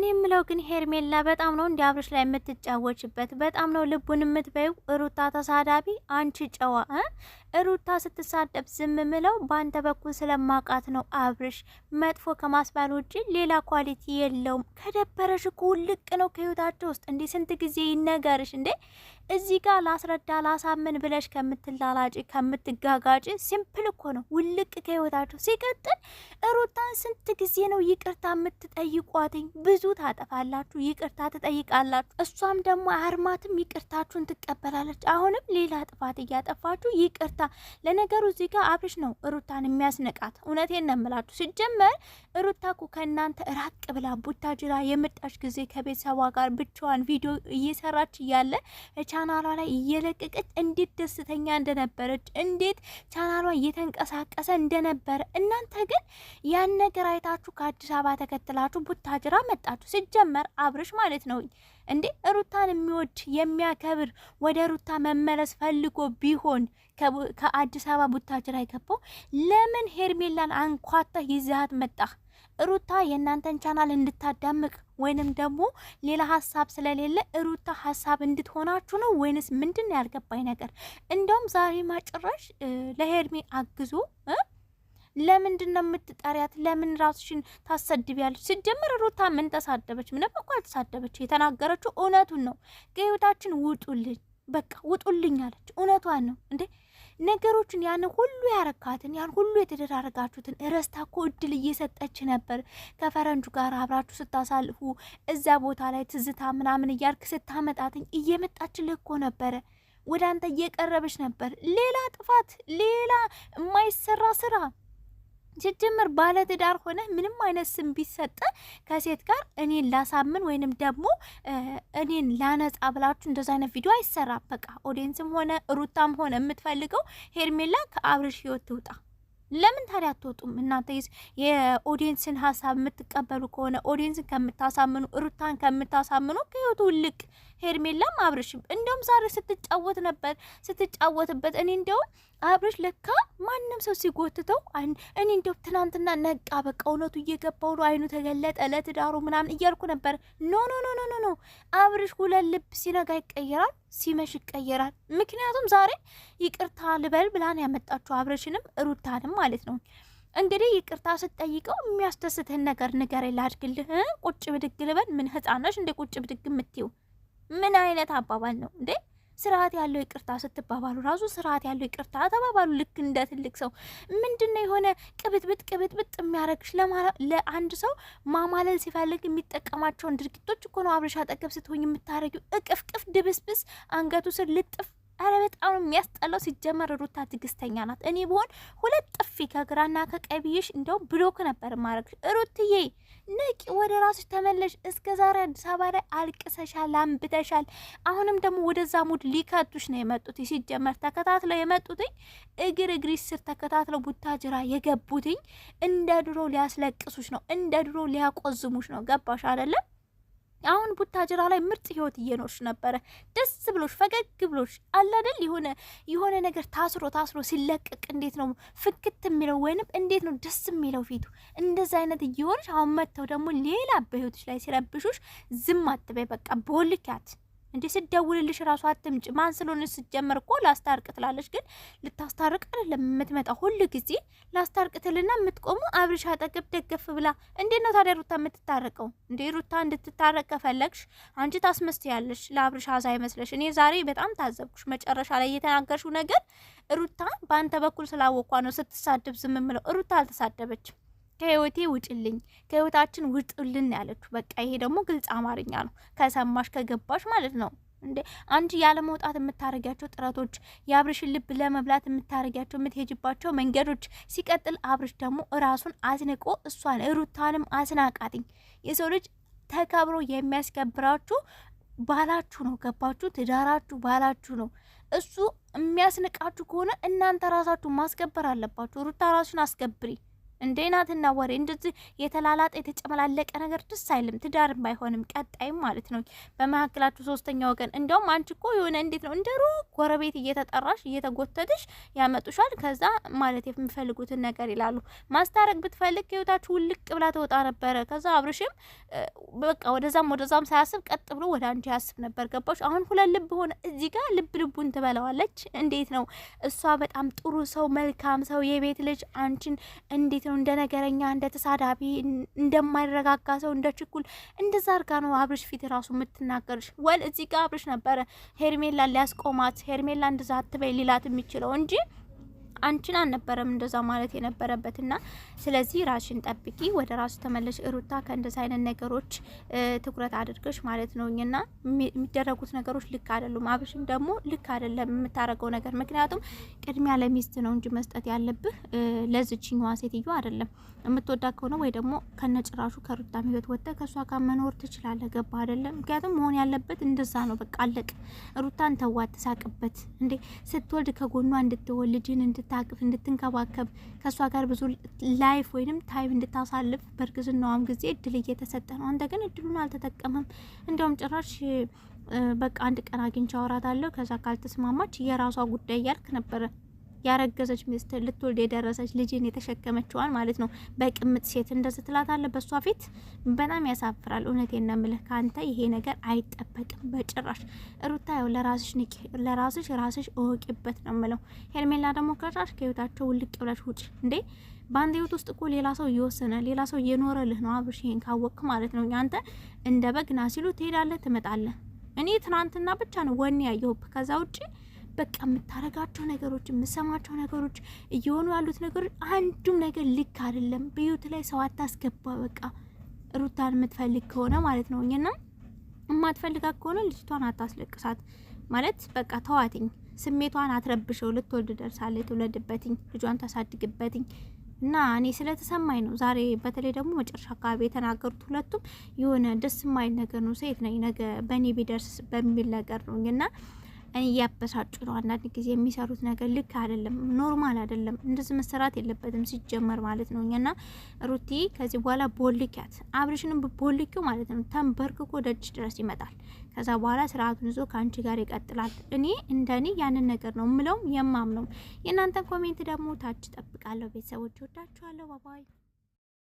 እኔ የምለው ግን ሄርሜላ በጣም ነው እንዲ አብርሽ ላይ የምትጫወችበት፣ በጣም ነው ልቡን የምትበይው። ሩታ ተሳዳቢ፣ አንቺ ጨዋ። ሩታ ስትሳደብ ዝም ምለው በአንተ በኩል ስለማቃት ነው። አብርሽ መጥፎ ከማስባል ውጭ ሌላ ኳሊቲ የለውም። ከደበረሽ እኮ ውልቅ ነው ከህይወታቸው ውስጥ እንዲህ ስንት ጊዜ ይነገርሽ እንዴ እዚህ ጋር ላስረዳ ላሳምን ብለሽ ከምትላላጭ ከምትጋጋጭ ሲምፕል እኮ ነው ውልቅ ከህይወታቸው። ሲቀጥል ሩታን ስንት ጊዜ ነው ይቅርታ የምትጠይቋትኝ? ብዙ ታጠፋላችሁ፣ ይቅርታ ትጠይቃላችሁ። እሷም ደግሞ አርማትም ይቅርታችሁን ትቀበላለች። አሁንም ሌላ ጥፋት እያጠፋችሁ ይቅርታ። ለነገሩ እዚህ ጋር አብርሽ ነው ሩታን የሚያስነቃት። እውነቴን ነው የምላችሁ። ሲጀመር ሩታ እኮ ከእናንተ ራቅ ብላ ቡታጅራ የመጣች ጊዜ ከቤተሰቧ ጋር ብቻዋን ቪዲዮ እየሰራች እያለ ቻናሏ ላይ እየለቀቀች እንዴት ደስተኛ እንደነበረች እንዴት ቻናሏ እየተንቀሳቀሰ እንደነበረ እናንተ ግን ያን ነገር አይታችሁ ከአዲስ አበባ ተከትላችሁ ቡታጅራ መጣችሁ። ሲጀመር አብርሽ ማለት ነው እንዴ ሩታን የሚወድ የሚያከብር ወደ ሩታ መመለስ ፈልጎ ቢሆን ከአዲስ አበባ ቡታጅራ የገባው ለምን ሄርሜላን አንኳተህ ይዘሃት መጣህ? ሩታ የእናንተን ቻናል እንድታዳምቅ ወይንም ደግሞ ሌላ ሀሳብ ስለሌለ ሩታ ሀሳብ እንድትሆናችሁ ነው ወይንስ ምንድን ያልገባኝ ነገር። እንደውም ዛሬ ማጭራሽ ለሄርሜ አግዞ እ ለምንድን ነው የምትጠሪያት? ለምን ራስሽን ታሰድቢያለች? ሲጀመር ሩታ ምን ተሳደበች? ምንም እኮ አልተሳደበች። የተናገረችው እውነቱን ነው። ከህይወታችን ውጡልኝ፣ በቃ ውጡልኝ አለች። እውነቷን ነው እንዴ ነገሮችን ያን ሁሉ ያረካትን ያን ሁሉ የተደራረጋችሁትን እረስታ እኮ እድል እየሰጠች ነበር። ከፈረንጁ ጋር አብራችሁ ስታሳልፉ እዛ ቦታ ላይ ትዝታ ምናምን እያልክ ስታመጣትኝ እየመጣችልህ እኮ ነበረ። ወደ አንተ እየቀረበች ነበር። ሌላ ጥፋት፣ ሌላ የማይሰራ ስራ ሲጀምር ባለ ትዳር ሆነ ምንም አይነት ስም ቢሰጥ ከሴት ጋር እኔን ላሳምን ወይንም ደግሞ እኔን ላነጻ ብላችሁ እንደዛ አይነት ቪዲዮ አይሰራም። በቃ ኦዲየንስም ሆነ ሩታም ሆነ የምትፈልገው ሄርሜላ ከአብርሽ ህይወት ትውጣ። ለምን ታዲያ አትወጡም እናንተ? የኦዲየንስን ሀሳብ የምትቀበሉ ከሆነ ኦዲየንስን ከምታሳምኑ፣ ሩታን ከምታሳምኑ ከህይወቱ ውልቅ ሄርሜላም አብርሽም እንደውም ዛሬ ስትጫወት ነበር ስትጫወትበት። እኔ እንደውም አብርሽ ለካ ማንም ሰው ሲጎትተው እኔ እንደው ትናንትና ነቃ፣ በቃ እውነቱ እየገባው ነው፣ አይኑ ተገለጠ፣ ለትዳሩ ምናምን እያልኩ ነበር። ኖ ኖ ኖ ኖ ኖ፣ አብርሽ ሁለት ልብ ሲነጋ ይቀየራል፣ ሲመሽ ይቀየራል። ምክንያቱም ዛሬ ይቅርታ ልበል ብላን ያመጣችው አብርሽንም ሩታንም ማለት ነው። እንግዲህ ይቅርታ ስትጠይቀው የሚያስደስትህን ነገር ንገር፣ ላድግልህ፣ ቁጭ ብድግ ልበል። ምን ህጻናሽ እንደ ቁጭ ብድግ የምትይው ምን አይነት አባባል ነው እንዴ? ስርዓት ያለው ይቅርታ ስትባባሉ ራሱ ስርዓት ያለው ይቅርታ ተባባሉ። ልክ እንደ ትልቅ ሰው ምንድነው የሆነ ቅብጥብጥ ቅብጥብጥ የሚያደርግሽ ለአንድ ሰው ማማለል ሲፈልግ የሚጠቀማቸውን ድርጊቶች እኮ ነው። አብረሽ አጠገብ ስትሆኝ የምታረጊው እቅፍቅፍ፣ ድብስብስ፣ አንገቱ ስር ልጥፍ። አረ በጣም ነው የሚያስጠላው። ሲጀመር ሩታ ትዕግስተኛ ናት። እኔ ብሆን ሁለት ጥፊ ከግራና ከቀይ ብዬሽ እንደውም ብሎክ ነበር ማድረግ ሩትዬ ነቂ ወደ ራስሽ ተመለሽ። እስከ ዛሬ አዲስ አበባ ላይ አልቅሰሻል፣ አንብተሻል። አሁንም ደግሞ ወደዛ ሙድ ሊከቱሽ ነው የመጡት። ሲጀመር ተከታትለው የመጡትኝ እግር እግሪ ስር ተከታትለው ቡታጅራ የገቡትኝ እንደ ድሮ ሊያስለቅሱሽ ነው፣ እንደ ድሮ ሊያቆዝሙሽ ነው። ገባሽ አደለም? አሁን ቡታጅራ ላይ ምርጥ ህይወት እየኖርሽ ነበረ። ደስ ብሎሽ ፈገግ ብሎሽ አላደል የሆነ የሆነ ነገር ታስሮ ታስሮ ሲለቀቅ እንዴት ነው ፍክት የሚለው ወይንም እንዴት ነው ደስ የሚለው ፊቱ። እንደዚ አይነት እየሆንሽ አሁን መጥተው ደግሞ ሌላ በህይወትሽ ላይ ሲረብሹሽ ዝም አትበይ። በቃ በወልኪያት እንዴ ስደውልልሽ ራሱ አትምጭ ማን ስለሆነ ስጀምር እኮ ላስታርቅ ትላለች። ግን ልታስታርቅ አይደለም የምትመጣ ሁሉ ጊዜ ላስታርቅ ትልና የምትቆሙ አብርሽ አጠገብ ደገፍ ብላ። እንዴት ነው ታዲያ ሩታ የምትታረቀው? እንዴ ሩታ እንድትታረቅ ከፈለግሽ አንቺ ታስመስያለሽ ለአብርሽ አዛ አይመስለሽ። እኔ ዛሬ በጣም ታዘብኩሽ። መጨረሻ ላይ የተናገርሽው ነገር ሩታ በአንተ በኩል ስላወኳ ነው ስትሳደብ ዝም ምለው። ሩታ አልተሳደበችም። ከህይወቴ ውጭልኝ፣ ከህይወታችን ውጭልን ያለችው። በቃ ይሄ ደግሞ ግልጽ አማርኛ ነው፣ ከሰማሽ ከገባሽ ማለት ነው። እንዴ አንቺ ያለመውጣት የምታደርጊያቸው ጥረቶች፣ የአብርሽን ልብ ለመብላት የምታደርጊያቸው የምትሄጅባቸው መንገዶች፣ ሲቀጥል አብርሽ ደግሞ እራሱን አዝንቆ እሷን ሩታንም አዝናቃትኝ። የሰው ልጅ ተከብሮ የሚያስከብራችሁ ባላችሁ ነው። ገባችሁ? ትዳራችሁ ባላችሁ ነው። እሱ የሚያስንቃችሁ ከሆነ እናንተ ራሳችሁ ማስከበር አለባችሁ። ሩታ ራሱን አስከብሪ። እንዴ ናትና ወሬ እንደዚህ የተላላጠ የተጨመላለቀ ነገር ደስ አይልም። ትዳርም ባይሆንም ቀጣይም ማለት ነው በመካከላችሁ ሶስተኛ ወገን እንደውም አንቺ እኮ የሆነ እንዴት ነው እንደ ሩቅ ጎረቤት እየተጠራሽ እየተጎተትሽ ያመጡሻል። ከዛ ማለት የሚፈልጉትን ነገር ይላሉ። ማስታረቅ ብትፈልግ ህይወታችሁ ውልቅ ብላ ተወጣ ነበረ። ከዛ አብርሽም በቃ ወደዛም ወደዛም ሳያስብ ቀጥ ብሎ ወደ አንቺ ያስብ ነበር። ገባሽ? አሁን ሁለት ልብ ሆነ። እዚህ ጋር ልብ ልቡን ትበላዋለች። እንዴት ነው እሷ በጣም ጥሩ ሰው፣ መልካም ሰው፣ የቤት ልጅ አንቺን እንዴት ነው እንደ ነገረኛ፣ እንደ ተሳዳቢ፣ እንደማይረጋጋ ሰው፣ እንደ ችኩል እንደዛ አርጋ ነው አብርሽ ፊት ራሱ የምትናገርሽ። ወል እዚህ ጋር አብርሽ ነበረ ሄርሜላ ሊያስቆማት ሄርሜላ እንደዛ አትበይ ሊላት የሚችለው እንጂ አንቺን አልነበረም እንደዛ ማለት የነበረበት እና ስለዚህ ራሽን ጠብቂ፣ ወደ ራሱ ተመለሽ ሩታ። ከእንደዚ አይነት ነገሮች ትኩረት አድርገሽ ማለት ነው እና የሚደረጉት ነገሮች ልክ አይደሉም። አብሽም ደግሞ ልክ አይደለም የምታረገው ነገር ምክንያቱም ቅድሚያ ለሚስት ነው እንጂ መስጠት ያለብህ ለዝችኛዋ ሴትዮ አይደለም። የምትወዳ ከሆነ ወይ ደግሞ ከነጭራሹ ከሩታ ህይወት ወጥተ ከእሷ ጋር መኖር ትችላለ። ገባ አይደለም? ምክንያቱም መሆን ያለበት እንደዛ ነው። በቃ አለቅ። ሩታን ተዋት፣ ትሳቅበት እንዴ ስትወልድ ከጎኗ እንድትወልጅን እንድት እንድታቅፍ እንድትንከባከብ ከእሷ ጋር ብዙ ላይፍ ወይንም ታይም እንድታሳልፍ በእርግዝናዋም ጊዜ እድል እየተሰጠ ነው። አንተ ግን እድሉን አልተጠቀምም። እንደውም ጭራሽ በቃ አንድ ቀን አግኝቼ አወራታለሁ፣ ከዛ ካልተስማማች የራሷ ጉዳይ እያልክ ነበረ። ያረገዘች ሚስት ልትወልድ የደረሰች ልጅን የተሸከመችዋን ማለት ነው በቅምጥ ሴት እንደዚህ ትላታለህ በእሷ ፊት በጣም ያሳፍራል። እውነቴን ነው የምልህ ከአንተ ይሄ ነገር አይጠበቅም በጭራሽ። ሩታ ያው ለራስሽ ንቂ፣ ለራስሽ ራስሽ እወቂበት ነው የምለው። ሄርሜላ ደግሞ ከጫሽ ከህይወታቸው ውልቅ ብለሽ ውጭ እንዴ በአንድ ህይወት ውስጥ እኮ ሌላ ሰው እየወሰነ ሌላ ሰው እየኖረልህ ነው። አብርሽ ይሄን ካወቅ ማለት ነው አንተ እንደ በግና ሲሉ ትሄዳለህ ትመጣለህ። እኔ ትናንትና ብቻ ነው ወኔ ያየሁብህ ከዛ ውጭ በቃ የምታረጋቸው ነገሮች፣ የምሰማቸው ነገሮች፣ እየሆኑ ያሉት ነገሮች አንዱም ነገር ልክ አይደለም። በህይወት ላይ ሰው አታስገባ። በቃ ሩታን የምትፈልግ ከሆነ ማለት ነው እኛና የማትፈልጋት ከሆነ ልጅቷን አታስለቅሳት ማለት በቃ ተዋትኝ፣ ስሜቷን አትረብሸው። ልትወልድ ደርሳለች፣ ትውለድበትኝ፣ ልጇን ታሳድግበትኝ እና እኔ ስለተሰማኝ ነው ዛሬ በተለይ ደግሞ መጨረሻ አካባቢ የተናገሩት ሁለቱም የሆነ ደስ የማይል ነገር ነው። ሴት ነኝ ነገ በእኔ ቢደርስ በሚል ነገር ነው እና እያበሳጩ ነው። አንዳንድ ጊዜ የሚሰሩት ነገር ልክ አይደለም፣ ኖርማል አይደለም። እንደዚህ መሰራት የለበትም ሲጀመር ማለት ነው። እኛና ሩቲ ከዚህ በኋላ ቦልኪያት አብርሽንም ቦልኪው ማለት ነው። ተንበርክኮ ደጅ ድረስ ይመጣል። ከዛ በኋላ ስርዓቱን ይዞ ከአንቺ ጋር ይቀጥላል። እኔ እንደኔ ያንን ነገር ነው ምለውም የማምነው። የእናንተን ኮሜንት ደግሞ ታች ጠብቃለሁ። ቤተሰቦች ወዳችኋለሁ። ባባይ